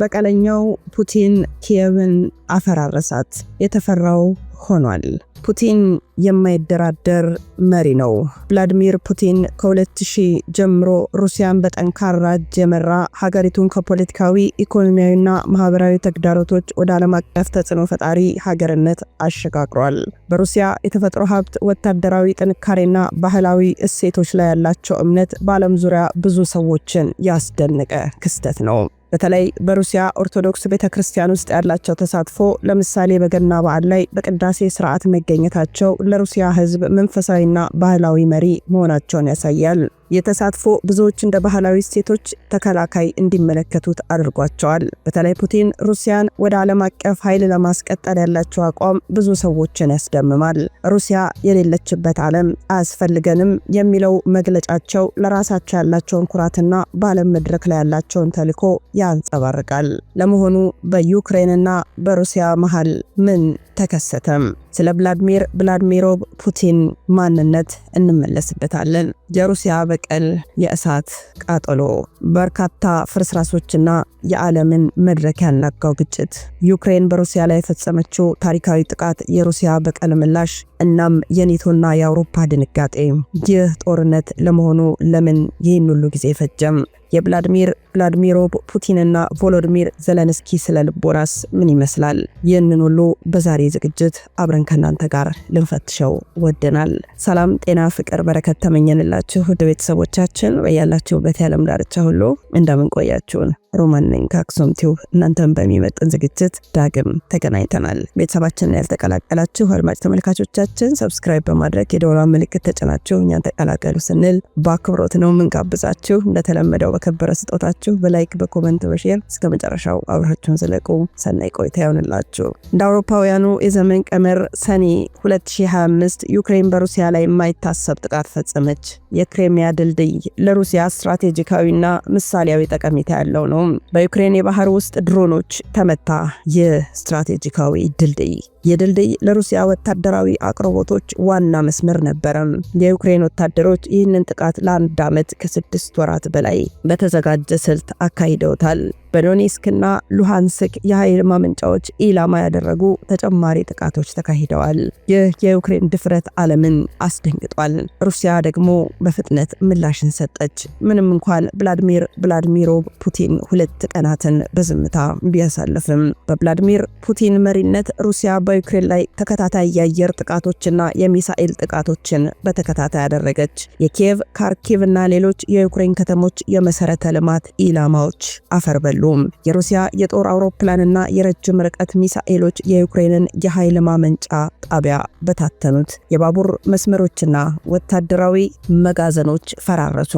በቀለኛው ፑቲን ኪየቭን አፈራረሳት፣ የተፈራው ሆኗል። ፑቲን የማይደራደር መሪ ነው። ቭላዲሚር ፑቲን ከ2000 ጀምሮ ሩሲያን በጠንካራ እጅ የመራ ሀገሪቱን ከፖለቲካዊ ኢኮኖሚያዊና ማህበራዊ ተግዳሮቶች ወደ ዓለም አቀፍ ተጽዕኖ ፈጣሪ ሀገርነት አሸጋግሯል። በሩሲያ የተፈጥሮ ሀብት፣ ወታደራዊ ጥንካሬና ባህላዊ እሴቶች ላይ ያላቸው እምነት በዓለም ዙሪያ ብዙ ሰዎችን ያስደነቀ ክስተት ነው። በተለይ በሩሲያ ኦርቶዶክስ ቤተ ክርስቲያን ውስጥ ያላቸው ተሳትፎ ለምሳሌ በገና በዓል ላይ በቅዳሴ ስርዓት መገኘታቸው ለሩሲያ ህዝብ መንፈሳዊና ባህላዊ መሪ መሆናቸውን ያሳያል። የተሳትፎ ብዙዎች እንደ ባህላዊ እሴቶች ተከላካይ እንዲመለከቱት አድርጓቸዋል። በተለይ ፑቲን ሩሲያን ወደ ዓለም አቀፍ ኃይል ለማስቀጠል ያላቸው አቋም ብዙ ሰዎችን ያስደምማል። ሩሲያ የሌለችበት ዓለም አያስፈልገንም የሚለው መግለጫቸው ለራሳቸው ያላቸውን ኩራትና በዓለም መድረክ ላይ ያላቸውን ተልዕኮ ያንጸባርቃል። ለመሆኑ በዩክሬንና በሩሲያ መሃል ምን ተከሰተም? ስለ ቭላድሚር ቭላድሚሮ ፑቲን ማንነት እንመለስበታለን። የሩሲያ በቀል የእሳት ቃጠሎ፣ በርካታ ፍርስራሶችና የዓለምን መድረክ ያናጋው ግጭት፣ ዩክሬን በሩሲያ ላይ የፈጸመችው ታሪካዊ ጥቃት የሩሲያ በቀል ምላሽ እናም የኔቶና የአውሮፓ ድንጋጤ ይህ ጦርነት ለመሆኑ ለምን ይህን ሁሉ ጊዜ ፈጀም? የቭላድሚር ቭላድሚሮቭ ፑቲንና ቮሎዲሚር ዘለንስኪ ስለ ልቦናስ ምን ይመስላል? ይህንን ሁሉ በዛሬ ዝግጅት አብረን ከእናንተ ጋር ልንፈትሸው ወደናል። ሰላም፣ ጤና፣ ፍቅር፣ በረከት ተመኘንላችሁ ውድ ቤተሰቦቻችን በያላችሁበት የዓለም ዳርቻ ሁሉ እንደምን ቆያችሁን? ሮማን ነኝ ከአክሱም ቲዩብ እናንተን በሚመጥን ዝግጅት ዳግም ተገናኝተናል። ቤተሰባችንን ያልተቀላቀላችሁ አድማጭ ተመልካቾቻችን ቻናላችን ሰብስክራይብ በማድረግ የደወል ምልክት ተጭናችሁ እኛን ተቀላቀሉ ስንል በአክብሮት ነው የምንጋብዛችሁ። እንደተለመደው በከበረ ስጦታችሁ በላይክ በኮመንት በሼር እስከ መጨረሻው አብራችሁን ዘለቁ ሰናይ ቆይታ ይሆንላችሁ። እንደ አውሮፓውያኑ የዘመን ቀመር ሰኔ 2025 ዩክሬን በሩሲያ ላይ የማይታሰብ ጥቃት ፈጸመች። የክሬሚያ ድልድይ ለሩሲያ ስትራቴጂካዊና ምሳሌያዊ ጠቀሜታ ያለው ነው። በዩክሬን የባህር ውስጥ ድሮኖች ተመታ። ይህ ስትራቴጂካዊ ድልድይ የድልድይ ለሩሲያ ወታደራዊ አቅርቦቶች ዋና መስመር ነበረም። የዩክሬን ወታደሮች ይህንን ጥቃት ለአንድ ዓመት ከስድስት ወራት በላይ በተዘጋጀ ስልት አካሂደውታል። በዶኔስክና ሉሃንስክ የኃይል ማመንጫዎች ኢላማ ያደረጉ ተጨማሪ ጥቃቶች ተካሂደዋል። ይህ የዩክሬን ድፍረት ዓለምን አስደንግጧል። ሩሲያ ደግሞ በፍጥነት ምላሽን ሰጠች። ምንም እንኳን ቭላድሚር ቭላድሚሮቭ ፑቲን ሁለት ቀናትን በዝምታ ቢያሳልፍም በቭላድሚር ፑቲን መሪነት ሩሲያ በዩክሬን ላይ ተከታታይ የአየር ጥቃቶችና የሚሳኤል ጥቃቶችን በተከታታይ ያደረገች። የኪየቭ ካርኪቭና ሌሎች የዩክሬን ከተሞች የመሰረተ ልማት ኢላማዎች አፈር በሉ። አይችሉም። የሩሲያ የጦር አውሮፕላንና የረጅም ርቀት ሚሳኤሎች የዩክሬንን የኃይል ማመንጫ ጣቢያ በታተኑት። የባቡር መስመሮችና ወታደራዊ መጋዘኖች ፈራረሱ።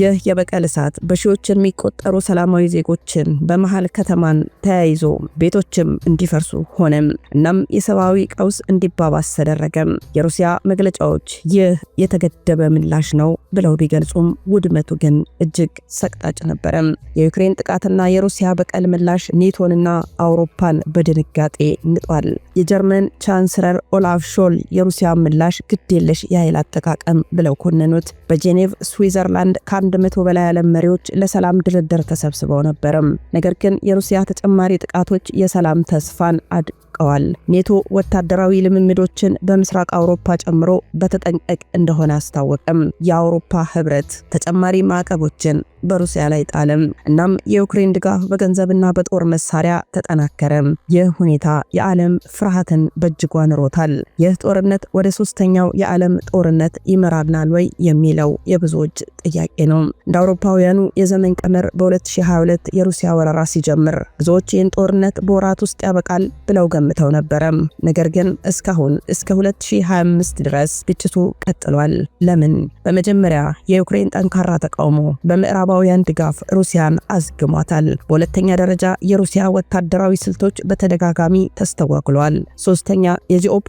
ይህ የበቀል እሳት በሺዎች የሚቆጠሩ ሰላማዊ ዜጎችን በመሃል ከተማን ተያይዞ ቤቶችም እንዲፈርሱ ሆነም። እናም የሰብአዊ ቀውስ እንዲባባስ ተደረገም። የሩሲያ መግለጫዎች ይህ የተገደበ ምላሽ ነው ብለው ቢገልጹም ውድመቱ ግን እጅግ ሰቅጣጭ ነበረም። የዩክሬን ጥቃትና የ የሩሲያ በቀል ምላሽ ኔቶንና አውሮፓን በድንጋጤ ንጧል። የጀርመን ቻንስለር ኦላፍ ሾል የሩሲያ ምላሽ ግዴለሽ የኃይል አጠቃቀም ብለው ኮነኑት። በጄኔቭ ስዊዘርላንድ ከአንድ መቶ በላይ ዓለም መሪዎች ለሰላም ድርድር ተሰብስበው ነበርም። ነገር ግን የሩሲያ ተጨማሪ ጥቃቶች የሰላም ተስፋን አድ ቀዋል። ኔቶ ወታደራዊ ልምምዶችን በምስራቅ አውሮፓ ጨምሮ በተጠንቀቅ እንደሆነ አስታወቀም። የአውሮፓ ህብረት ተጨማሪ ማዕቀቦችን በሩሲያ ላይ ጣለም። እናም የዩክሬን ድጋፍ በገንዘብና በጦር መሳሪያ ተጠናከረም። ይህ ሁኔታ የዓለም ፍርሃትን በእጅጉ አንሮታል። ይህ ጦርነት ወደ ሶስተኛው የዓለም ጦርነት ይመራናል ወይ የሚለው የብዙዎች ጥያቄ ነው። እንደ አውሮፓውያኑ የዘመን ቀመር በ2022 የሩሲያ ወረራ ሲጀምር ብዙዎች ይህን ጦርነት በወራት ውስጥ ያበቃል ብለው ገምተው ነበረም። ነገር ግን እስካሁን እስከ 2025 ድረስ ግጭቱ ቀጥሏል። ለምን? በመጀመሪያ የዩክሬን ጠንካራ ተቃውሞ በምዕራባ የምዕራባውያን ድጋፍ ሩሲያን አዝግሟታል። በሁለተኛ ደረጃ የሩሲያ ወታደራዊ ስልቶች በተደጋጋሚ ተስተጓጉለዋል። ሶስተኛ፣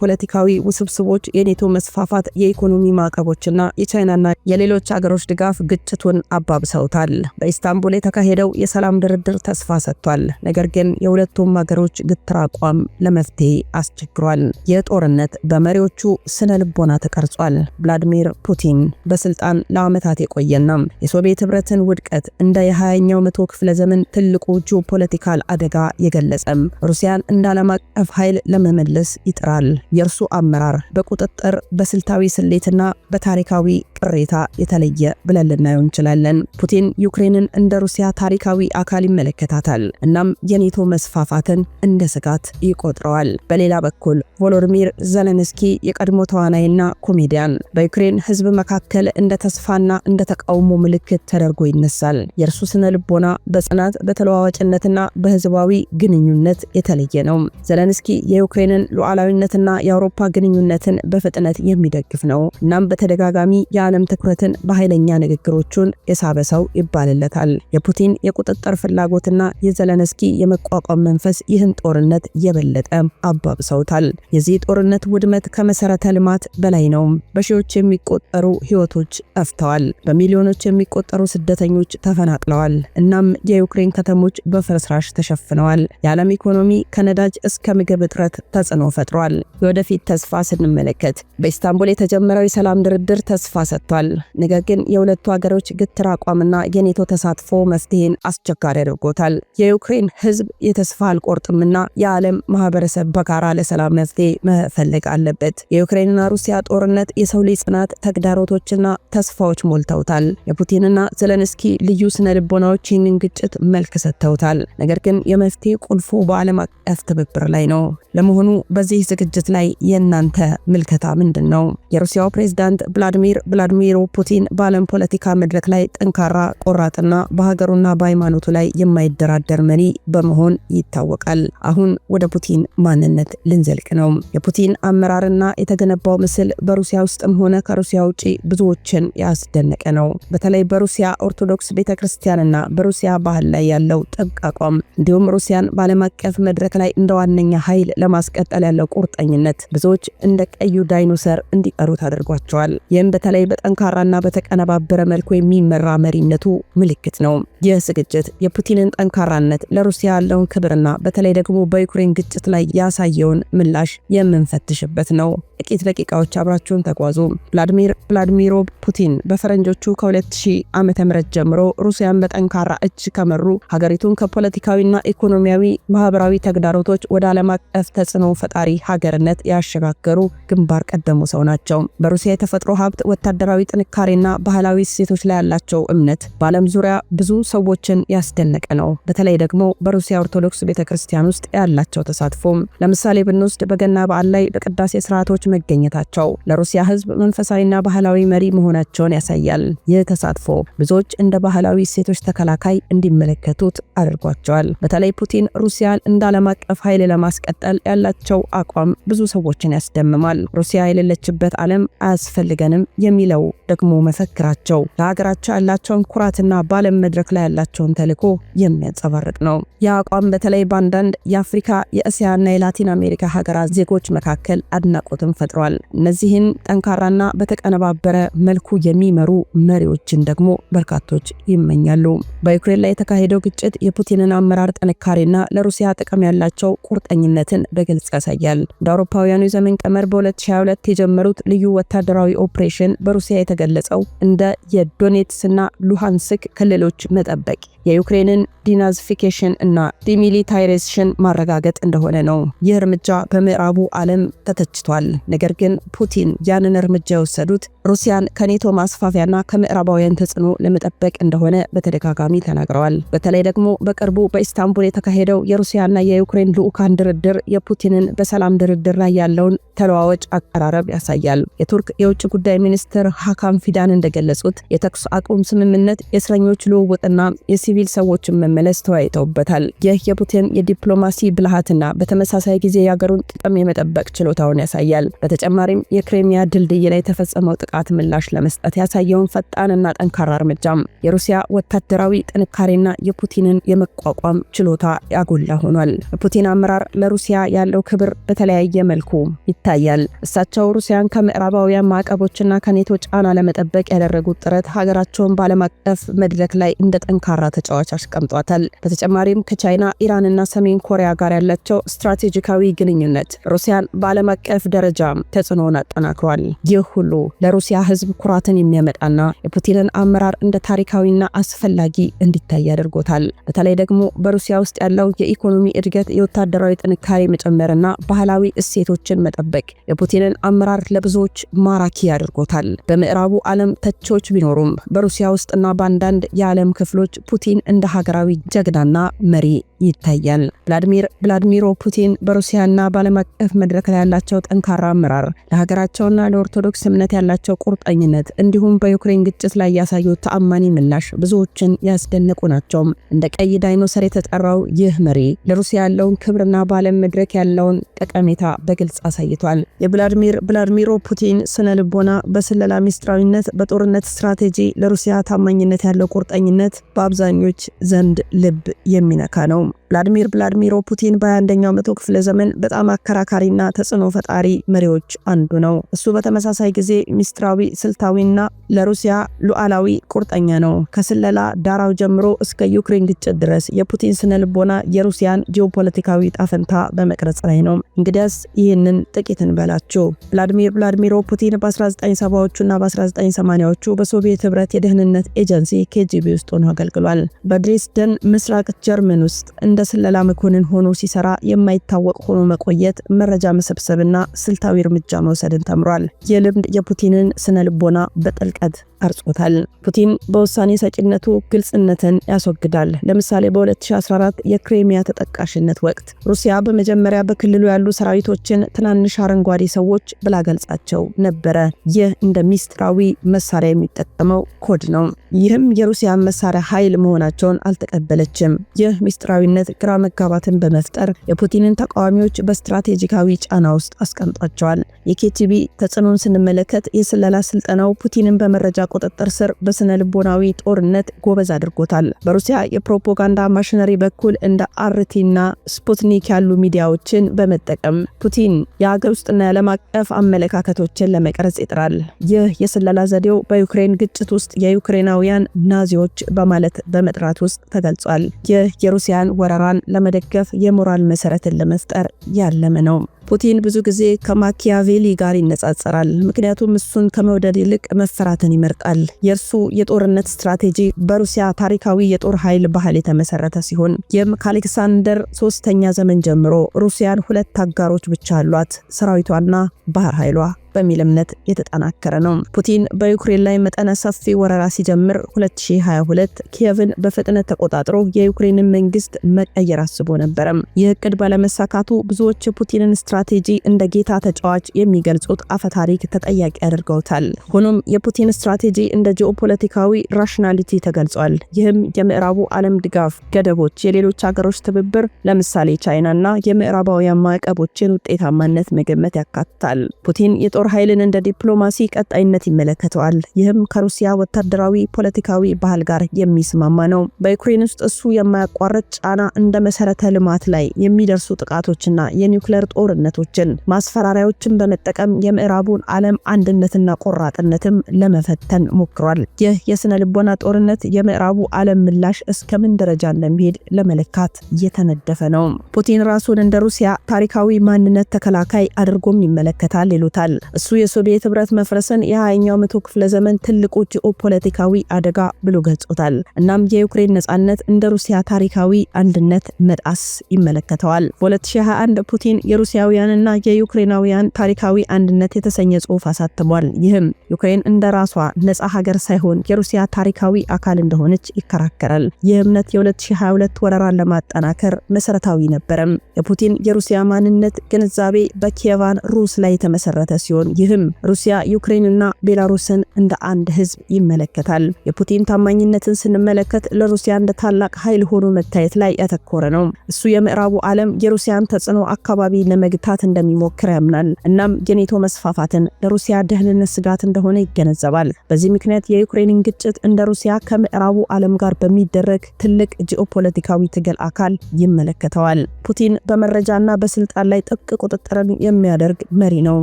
ፖለቲካዊ ውስብስቦች፣ የኔቶ መስፋፋት፣ የኢኮኖሚ ማዕቀቦችና የቻይናና የሌሎች አገሮች ድጋፍ ግጭቱን አባብሰውታል። በኢስታንቡል የተካሄደው የሰላም ድርድር ተስፋ ሰጥቷል። ነገር ግን የሁለቱም አገሮች ግትር አቋም ለመፍትሄ አስቸግሯል። የጦርነት በመሪዎቹ ስነ ልቦና ተቀርጿል። ቭላዲሚር ፑቲን በስልጣን ለዓመታት የቆየና የሶቪየት ህብረትን ውድቀት እንደ የ20ኛው መቶ ክፍለ ዘመን ትልቁ ጂኦፖለቲካል አደጋ የገለጸም ሩሲያን እንደ ዓለም አቀፍ ኃይል ለመመለስ ይጥራል። የእርሱ አመራር በቁጥጥር በስልታዊ ስሌትና በታሪካዊ ቅሬታ የተለየ ብለን ልናየው እንችላለን። ፑቲን ዩክሬንን እንደ ሩሲያ ታሪካዊ አካል ይመለከታታል፣ እናም የኔቶ መስፋፋትን እንደ ስጋት ይቆጥረዋል። በሌላ በኩል ቮሎዲሚር ዘለንስኪ የቀድሞ ተዋናይና ኮሜዲያን በዩክሬን ሕዝብ መካከል እንደ ተስፋና እንደ ተቃውሞ ምልክት ተደርጎ ይነ ይነሳል። የእርሱ ስነ ልቦና በጽናት በተለዋዋጭነትና በህዝባዊ ግንኙነት የተለየ ነው። ዘለንስኪ የዩክሬንን ሉዓላዊነትና የአውሮፓ ግንኙነትን በፍጥነት የሚደግፍ ነው። እናም በተደጋጋሚ የዓለም ትኩረትን በኃይለኛ ንግግሮቹን የሳበ ሰው ይባልለታል። የፑቲን የቁጥጥር ፍላጎትና የዘለንስኪ የመቋቋም መንፈስ ይህን ጦርነት የበለጠ አባብሰውታል። የዚህ ጦርነት ውድመት ከመሰረተ ልማት በላይ ነው። በሺዎች የሚቆጠሩ ህይወቶች ጠፍተዋል። በሚሊዮኖች የሚቆጠሩ ስደተ ስደተኞች ተፈናቅለዋል። እናም የዩክሬን ከተሞች በፍርስራሽ ተሸፍነዋል። የዓለም ኢኮኖሚ ከነዳጅ እስከ ምግብ እጥረት ተጽዕኖ ፈጥሯል። የወደፊት ተስፋ ስንመለከት በኢስታንቡል የተጀመረው የሰላም ድርድር ተስፋ ሰጥቷል። ነገር ግን የሁለቱ ሀገሮች ግትር አቋምና የኔቶ ተሳትፎ መፍትሄን አስቸጋሪ አድርጎታል። የዩክሬን ሕዝብ የተስፋ አልቆርጥምና የዓለም ማህበረሰብ በጋራ ለሰላም መፍትሄ መፈለግ አለበት። የዩክሬንና ሩሲያ ጦርነት የሰው ልጅ ጽናት፣ ተግዳሮቶችና ተስፋዎች ሞልተውታል። የፑቲንና ዘለንስ ዜሌንስኪ ልዩ ስነ ልቦናዎች ይህንን ግጭት መልክ ሰጥተውታል። ነገር ግን የመፍትሄ ቁልፉ በዓለም አቀፍ ትብብር ላይ ነው። ለመሆኑ በዚህ ዝግጅት ላይ የእናንተ ምልከታ ምንድን ነው? የሩሲያው ፕሬዝዳንት ቭላዲሚር ቭላዲሚሮ ፑቲን በዓለም ፖለቲካ መድረክ ላይ ጠንካራ ቆራጥና በሀገሩና በሃይማኖቱ ላይ የማይደራደር መሪ በመሆን ይታወቃል። አሁን ወደ ፑቲን ማንነት ልንዘልቅ ነው። የፑቲን አመራርና የተገነባው ምስል በሩሲያ ውስጥም ሆነ ከሩሲያ ውጭ ብዙዎችን ያስደነቀ ነው። በተለይ በሩሲያ ኦርቶ ኦርቶዶክስ ቤተ ክርስቲያንና በሩሲያ ባህል ላይ ያለው ጥብቅ አቋም እንዲሁም ሩሲያን በዓለም አቀፍ መድረክ ላይ እንደ ዋነኛ ኃይል ለማስቀጠል ያለው ቁርጠኝነት ብዙዎች እንደ ቀዩ ዳይኖሰር እንዲጠሩት አድርጓቸዋል። ይህም በተለይ በጠንካራና በተቀነባበረ መልኩ የሚመራ መሪነቱ ምልክት ነው። ይህ ዝግጅት የፑቲንን ጠንካራነት፣ ለሩሲያ ያለውን ክብርና በተለይ ደግሞ በዩክሬን ግጭት ላይ ያሳየውን ምላሽ የምንፈትሽበት ነው። ጥቂት ደቂቃዎች አብራችሁን ተጓዙ። ቭላድሚር ቭላድሚሮ ፑቲን በፈረንጆቹ ከ2000 ዓ.ም ጀምሮ ሩሲያን በጠንካራ እጅ ከመሩ ሀገሪቱን ከፖለቲካዊና ኢኮኖሚያዊ፣ ማህበራዊ ተግዳሮቶች ወደ ዓለም አቀፍ ተጽዕኖ ፈጣሪ ሀገርነት ያሸጋገሩ ግንባር ቀደሙ ሰው ናቸው። በሩሲያ የተፈጥሮ ሀብት፣ ወታደራዊ ጥንካሬና ባህላዊ እሴቶች ላይ ያላቸው እምነት በዓለም ዙሪያ ብዙ ሰዎችን ያስደነቀ ነው። በተለይ ደግሞ በሩሲያ ኦርቶዶክስ ቤተ ክርስቲያን ውስጥ ያላቸው ተሳትፎ ለምሳሌ ብንወስድ በገና በዓል ላይ በቅዳሴ ስርዓቶች መገኘታቸው ለሩሲያ ህዝብ መንፈሳዊና ባህላዊ መሪ መሆናቸውን ያሳያል። ይህ ተሳትፎ ብዙዎች እንደ ባህላዊ እሴቶች ተከላካይ እንዲመለከቱት አድርጓቸዋል። በተለይ ፑቲን ሩሲያን እንደ ዓለም አቀፍ ኃይል ለማስቀጠል ያላቸው አቋም ብዙ ሰዎችን ያስደምማል። ሩሲያ የሌለችበት ዓለም አያስፈልገንም የሚለው ደግሞ መፈክራቸው ለሀገራቸው ያላቸውን ኩራትና በዓለም መድረክ ላይ ያላቸውን ተልዕኮ የሚያንጸባርቅ ነው። ይህ አቋም በተለይ በአንዳንድ የአፍሪካ የእስያና የላቲን አሜሪካ ሀገራት ዜጎች መካከል አድናቆትን ፈጥሯል። እነዚህን ጠንካራና በተቀነባበረ መልኩ የሚመሩ መሪዎችን ደግሞ በርካቶ ተንታኞች ይመኛሉ። በዩክሬን ላይ የተካሄደው ግጭት የፑቲንን አመራር ጥንካሬና ለሩሲያ ጥቅም ያላቸው ቁርጠኝነትን በግልጽ ያሳያል። እንደ አውሮፓውያኑ የዘመን ቀመር በ2022 የጀመሩት ልዩ ወታደራዊ ኦፕሬሽን በሩሲያ የተገለጸው እንደ የዶኔትስና ሉሃንስክ ክልሎች መጠበቅ የዩክሬንን ዲናዚፊኬሽን እና ዲሚሊታይሬሽን ማረጋገጥ እንደሆነ ነው። ይህ እርምጃ በምዕራቡ ዓለም ተተችቷል። ነገር ግን ፑቲን ያንን እርምጃ የወሰዱት ሩሲያን ከኔቶ ማስፋፊያና ከምዕራባውያን ተጽዕኖ ለመጠበቅ መጠበቅ እንደሆነ በተደጋጋሚ ተናግረዋል። በተለይ ደግሞ በቅርቡ በኢስታንቡል የተካሄደው የሩሲያና የዩክሬን ልዑካን ድርድር የፑቲንን በሰላም ድርድር ላይ ያለውን ተለዋዋጭ አቀራረብ ያሳያል። የቱርክ የውጭ ጉዳይ ሚኒስትር ሀካም ፊዳን እንደገለጹት የተኩስ አቁም ስምምነት የእስረኞች ልውውጥና የሲቪል ሰዎችን መመለስ ተወያይተውበታል። ይህ የፑቲን የዲፕሎማሲ ብልሃትና በተመሳሳይ ጊዜ የአገሩን ጥቅም የመጠበቅ ችሎታውን ያሳያል። በተጨማሪም የክሬሚያ ድልድይ ላይ የተፈጸመው ጥቃት ምላሽ ለመስጠት ያሳየውን ፈጣንና ጠንካራ እርምጃም የሩሲያ ወታደራዊ ጥንካሬና የፑቲንን የመቋቋም ችሎታ ያጎላ ሆኗል። የፑቲን አመራር ለሩሲያ ያለው ክብር በተለያየ መልኩ ይታያል። እሳቸው ሩሲያን ከምዕራባውያን ማዕቀቦችና ከኔቶ ጫና ለመጠበቅ ያደረጉት ጥረት ሀገራቸውን በዓለም አቀፍ መድረክ ላይ እንደ ጠንካራ ተጫዋች አስቀምጧታል። በተጨማሪም ከቻይና ኢራንና ሰሜን ኮሪያ ጋር ያላቸው ስትራቴጂካዊ ግንኙነት ሩሲያን በዓለም አቀፍ ደረጃ ተጽዕኖውን አጠናክሯል። ይህ ሁሉ ለሩሲያ ሕዝብ ኩራትን የሚያመጣና የፑቲንን አመራር እንደ ታሪክ ታሪካዊና አስፈላጊ እንዲታይ ያደርጎታል። በተለይ ደግሞ በሩሲያ ውስጥ ያለው የኢኮኖሚ እድገት፣ የወታደራዊ ጥንካሬ መጨመርና ባህላዊ እሴቶችን መጠበቅ የፑቲንን አመራር ለብዙዎች ማራኪ ያደርጎታል። በምዕራቡ ዓለም ተቾች ቢኖሩም በሩሲያ ውስጥና በአንዳንድ የዓለም ክፍሎች ፑቲን እንደ ሀገራዊ ጀግናና መሪ ይታያል። ቭላድሚር ቭላድሚሮ ፑቲን በሩሲያና በዓለም አቀፍ መድረክ ላይ ያላቸው ጠንካራ አመራር፣ ለሀገራቸውና ለኦርቶዶክስ እምነት ያላቸው ቁርጠኝነት እንዲሁም በዩክሬን ግጭት ላይ ያሳዩት ተአማኒ ምላሽ ብዙዎችን ያስደነቁ ናቸው። እንደ ቀይ ዳይኖሰር የተጠራው ይህ መሪ ለሩሲያ ያለውን ክብርና በዓለም መድረክ ያለውን ጠቀሜታ በግልጽ አሳይቷል። የቭላድሚር ቭላድሚሮ ፑቲን ስነ ልቦና በስለላ ሚስጥራዊነት፣ በጦርነት ስትራቴጂ፣ ለሩሲያ ታማኝነት ያለው ቁርጠኝነት በአብዛኞች ዘንድ ልብ የሚነካ ነው። ቭላዲሚር ቭላዲሚሮ ፑቲን በ21ኛው መቶ ክፍለ ዘመን በጣም አከራካሪና ተጽዕኖ ፈጣሪ መሪዎች አንዱ ነው። እሱ በተመሳሳይ ጊዜ ሚስጥራዊ፣ ስልታዊና ለሩሲያ ሉዓላዊ ቁርጠኛ ነው። ከስለላ ዳራው ጀምሮ እስከ ዩክሬን ግጭት ድረስ የፑቲን ስነ ልቦና የሩሲያን ጂኦፖለቲካዊ ጣፈንታ በመቅረጽ ላይ ነው። እንግዲያስ ይህንን ጥቂት እንበላችሁ። ቭላዲሚር ቭላዲሚሮ ፑቲን በ1970ዎቹና በ1980ዎቹ በሶቪየት ህብረት የደህንነት ኤጀንሲ ኬጂቢ ውስጥ ሆኖ አገልግሏል። በድሬስደን ምስራቅ ጀርመን ውስጥ እንደ ስለላ መኮንን ሆኖ ሲሰራ የማይታወቅ ሆኖ መቆየት፣ መረጃ መሰብሰብና ስልታዊ እርምጃ መውሰድን ተምሯል። የልምድ የፑቲንን ስነ ልቦና በጥልቀት አርጾታል። ፑቲን በውሳኔ ሰጪነቱ ግልጽነትን ያስወግዳል። ለምሳሌ በ2014 የክሬሚያ ተጠቃሽነት ወቅት ሩሲያ በመጀመሪያ በክልሉ ያሉ ሰራዊቶችን ትናንሽ አረንጓዴ ሰዎች ብላ ገልጻቸው ነበረ። ይህ እንደ ሚስጥራዊ መሳሪያ የሚጠቀመው ኮድ ነው። ይህም የሩሲያ መሳሪያ ኃይል መሆናቸውን አልተቀበለችም። ይህ ሚስጥራዊነት ግራ መጋባትን በመፍጠር የፑቲንን ተቃዋሚዎች በስትራቴጂካዊ ጫና ውስጥ አስቀምጧቸዋል። የኬቲቢ ተጽዕኖን ስንመለከት የስለላ ስልጠናው ፑቲንን በመረጃ ቁጥጥር ስር በስነ ልቦናዊ ጦርነት ጎበዝ አድርጎታል። በሩሲያ የፕሮፓጋንዳ ማሽነሪ በኩል እንደ አርቲና ስፑትኒክ ያሉ ሚዲያዎችን በመጠቀም ፑቲን የአገር ውስጥና የዓለም አቀፍ አመለካከቶችን ለመቅረጽ ይጥራል። ይህ የስለላ ዘዴው በዩክሬን ግጭት ውስጥ የዩክሬናውያን ናዚዎች በማለት በመጥራት ውስጥ ተገልጿል። ይህ የሩሲያን ወረራን ለመደገፍ የሞራል መሰረትን ለመፍጠር ያለመ ነው። ፑቲን ብዙ ጊዜ ከማኪያቬሊ ጋር ይነጻጸራል። ምክንያቱም እሱን ከመውደድ ይልቅ መፈራትን ይመርጣል። የእርሱ የጦርነት ስትራቴጂ በሩሲያ ታሪካዊ የጦር ኃይል ባህል የተመሰረተ ሲሆን ይህም ከአሌክሳንደር ሶስተኛ ዘመን ጀምሮ ሩሲያን ሁለት አጋሮች ብቻ አሏት፣ ሰራዊቷና ባህር ኃይሏ። በሚል እምነት የተጠናከረ ነው። ፑቲን በዩክሬን ላይ መጠነ ሰፊ ወረራ ሲጀምር 2022 ኪየቭን በፍጥነት ተቆጣጥሮ የዩክሬንን መንግስት መቀየር አስቦ ነበረ። ይህ እቅድ ባለመሳካቱ ብዙዎች የፑቲንን ስትራቴጂ እንደ ጌታ ተጫዋች የሚገልጹት አፈታሪክ ተጠያቂ አድርገውታል። ሆኖም የፑቲን ስትራቴጂ እንደ ጂኦፖለቲካዊ ራሽናሊቲ ተገልጿል። ይህም የምዕራቡ ዓለም ድጋፍ፣ ገደቦች፣ የሌሎች ሀገሮች ትብብር ለምሳሌ ቻይናና የምዕራባውያን ማዕቀቦችን ውጤታማነት መገመት ያካትታል። ፑቲን የጦር የጦር ኃይልን እንደ ዲፕሎማሲ ቀጣይነት ይመለከተዋል። ይህም ከሩሲያ ወታደራዊ ፖለቲካዊ ባህል ጋር የሚስማማ ነው። በዩክሬን ውስጥ እሱ የማያቋርጥ ጫና እንደ መሰረተ ልማት ላይ የሚደርሱ ጥቃቶችና የኒውክሌር ጦርነቶችን ማስፈራሪያዎችን በመጠቀም የምዕራቡን ዓለም አንድነትና ቆራጥነትም ለመፈተን ሞክሯል። ይህ የስነ ልቦና ጦርነት የምዕራቡ ዓለም ምላሽ እስከምን ደረጃ እንደሚሄድ ለመለካት እየተነደፈ ነው። ፑቲን ራሱን እንደ ሩሲያ ታሪካዊ ማንነት ተከላካይ አድርጎም ይመለከታል ይሉታል። እሱ የሶቪየት ህብረት መፍረስን የሃያኛው መቶ ክፍለ ዘመን ትልቁ ጂኦፖለቲካዊ አደጋ ብሎ ገልጾታል። እናም የዩክሬን ነጻነት እንደ ሩሲያ ታሪካዊ አንድነት መጣስ ይመለከተዋል። በ2021 ፑቲን የሩሲያውያንና የዩክሬናውያን ታሪካዊ አንድነት የተሰኘ ጽሑፍ አሳትሟል። ይህም ዩክሬን እንደ ራሷ ነጻ ሀገር ሳይሆን የሩሲያ ታሪካዊ አካል እንደሆነች ይከራከራል። ይህ እምነት የ2022 ወረራን ለማጠናከር መሰረታዊ ነበረም። የፑቲን የሩሲያ ማንነት ግንዛቤ በኪየቫን ሩስ ላይ የተመሰረተ ሲሆን ሲሆን ይህም ሩሲያ ዩክሬንና ቤላሩስን እንደ አንድ ህዝብ ይመለከታል። የፑቲን ታማኝነትን ስንመለከት ለሩሲያ እንደ ታላቅ ኃይል ሆኖ መታየት ላይ ያተኮረ ነው። እሱ የምዕራቡ ዓለም የሩሲያን ተጽዕኖ አካባቢ ለመግታት እንደሚሞክር ያምናል። እናም የኔቶ መስፋፋትን ለሩሲያ ደህንነት ስጋት እንደሆነ ይገነዘባል። በዚህ ምክንያት የዩክሬንን ግጭት እንደ ሩሲያ ከምዕራቡ ዓለም ጋር በሚደረግ ትልቅ ጂኦፖለቲካዊ ትግል አካል ይመለከተዋል። ፑቲን በመረጃና በስልጣን ላይ ጥብቅ ቁጥጥርን የሚያደርግ መሪ ነው።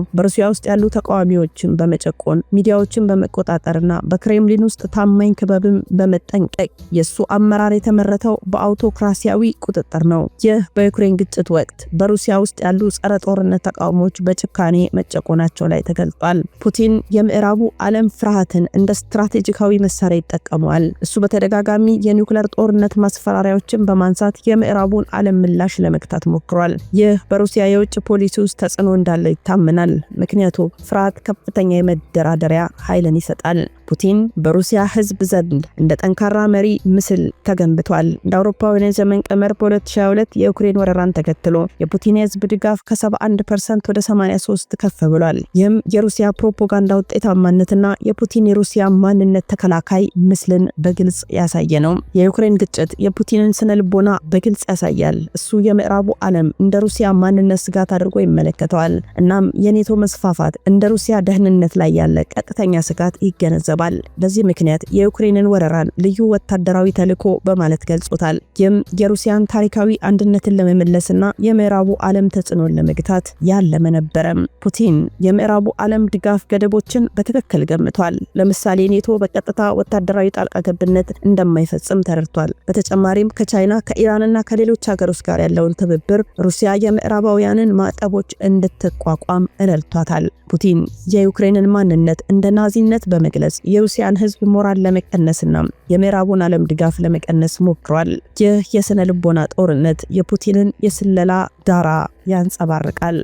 በሩሲያ ውስጥ ውስጥ ያሉ ተቃዋሚዎችን በመጨቆን ሚዲያዎችን በመቆጣጠርና በክሬምሊን ውስጥ ታማኝ ክበብን በመጠንቀቅ የእሱ አመራር የተመረተው በአውቶክራሲያዊ ቁጥጥር ነው። ይህ በዩክሬን ግጭት ወቅት በሩሲያ ውስጥ ያሉ ጸረ ጦርነት ተቃውሞዎች በጭካኔ መጨቆናቸው ላይ ተገልጧል። ፑቲን የምዕራቡ ዓለም ፍርሃትን እንደ ስትራቴጂካዊ መሳሪያ ይጠቀመዋል። እሱ በተደጋጋሚ የኒውክለር ጦርነት ማስፈራሪያዎችን በማንሳት የምዕራቡን ዓለም ምላሽ ለመግታት ሞክሯል። ይህ በሩሲያ የውጭ ፖሊሲ ውስጥ ተጽዕኖ እንዳለው ይታመናል ምክንያቱ መቶ ፍርሃት ከፍተኛ የመደራደሪያ ኃይልን ይሰጣል። ፑቲን በሩሲያ ሕዝብ ዘንድ እንደ ጠንካራ መሪ ምስል ተገንብቷል። እንደ አውሮፓውያን የዘመን ቀመር በ2022 የዩክሬን ወረራን ተከትሎ የፑቲን የህዝብ ድጋፍ ከ71 ፐርሰንት ወደ 83 ከፍ ብሏል። ይህም የሩሲያ ፕሮፓጋንዳ ውጤታማነትና የፑቲን የሩሲያ ማንነት ተከላካይ ምስልን በግልጽ ያሳየ ነው። የዩክሬን ግጭት የፑቲንን ስነ ልቦና በግልጽ ያሳያል። እሱ የምዕራቡ ዓለም እንደ ሩሲያ ማንነት ስጋት አድርጎ ይመለከተዋል። እናም የኔቶ መስፋፋት መጥፋት እንደ ሩሲያ ደህንነት ላይ ያለ ቀጥተኛ ስጋት ይገነዘባል። በዚህ ምክንያት የዩክሬንን ወረራን ልዩ ወታደራዊ ተልዕኮ በማለት ገልጾታል። ይህም የሩሲያን ታሪካዊ አንድነትን ለመመለስና የምዕራቡ ዓለም ተጽዕኖን ለመግታት ያለመ ነበረም። ፑቲን የምዕራቡ ዓለም ድጋፍ ገደቦችን በትክክል ገምቷል። ለምሳሌ ኔቶ በቀጥታ ወታደራዊ ጣልቃ ገብነት እንደማይፈጽም ተረድቷል። በተጨማሪም ከቻይና ከኢራንና ከሌሎች ሀገሮች ጋር ያለውን ትብብር ሩሲያ የምዕራባውያንን ማዕቀቦች እንድትቋቋም ረድቷታል። ፑቲን የዩክሬንን ማንነት እንደ ናዚነት በመግለጽ የሩሲያን ህዝብ ሞራል ለመቀነስና የምዕራቡን ዓለም ድጋፍ ለመቀነስ ሞክሯል። ይህ የስነ ልቦና ጦርነት የፑቲንን የስለላ ዳራ ያንጸባርቃል።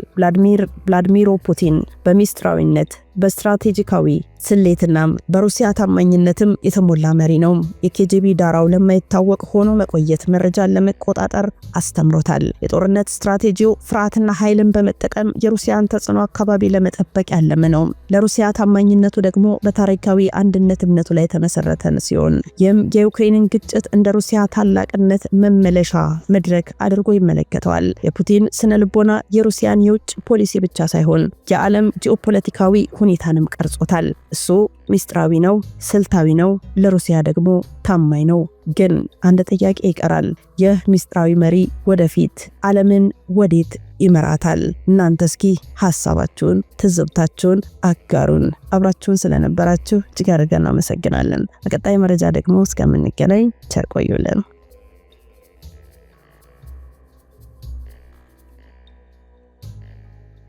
ቭላድሚሮ ፑቲን በሚስጥራዊነት በስትራቴጂካዊ ስሌትና በሩሲያ ታማኝነትም የተሞላ መሪ ነው። የኬጂቢ ዳራው ለማይታወቅ ሆኖ መቆየት መረጃን ለመቆጣጠር አስተምሮታል። የጦርነት ስትራቴጂው ፍርሃትና ኃይልን በመጠቀም የሩሲያን ተጽዕኖ አካባቢ ለመጠበቅ ያለመ ነው። ለሩሲያ ታማኝነቱ ደግሞ በታሪካዊ አንድነት እምነቱ ላይ የተመሰረተ ሲሆን ይህም የዩክሬንን ግጭት እንደ ሩሲያ ታላቅነት መመለሻ መድረክ አድርጎ ይመለከተዋል። የፑቲን ስነ ልቦና የሩሲያን የውጭ ፖሊሲ ብቻ ሳይሆን የዓለም ጂኦፖለቲካዊ ሁኔታንም ቀርጾታል። እሱ ሚስጥራዊ ነው፣ ስልታዊ ነው፣ ለሩሲያ ደግሞ ታማኝ ነው። ግን አንድ ጥያቄ ይቀራል። ይህ ሚስጥራዊ መሪ ወደፊት ዓለምን ወዴት ይመራታል? እናንተ እስኪ ሀሳባችሁን፣ ትዝብታችሁን አጋሩን። አብራችሁን ስለነበራችሁ እጅግ አድርገን እናመሰግናለን። በቀጣይ መረጃ ደግሞ እስከምንገናኝ ቸር ቆዩልን።